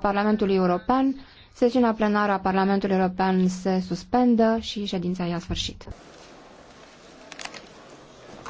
Parlamentului European, sesiunea plenară a Parlamentului European se suspendă și ședința ia sfârșit.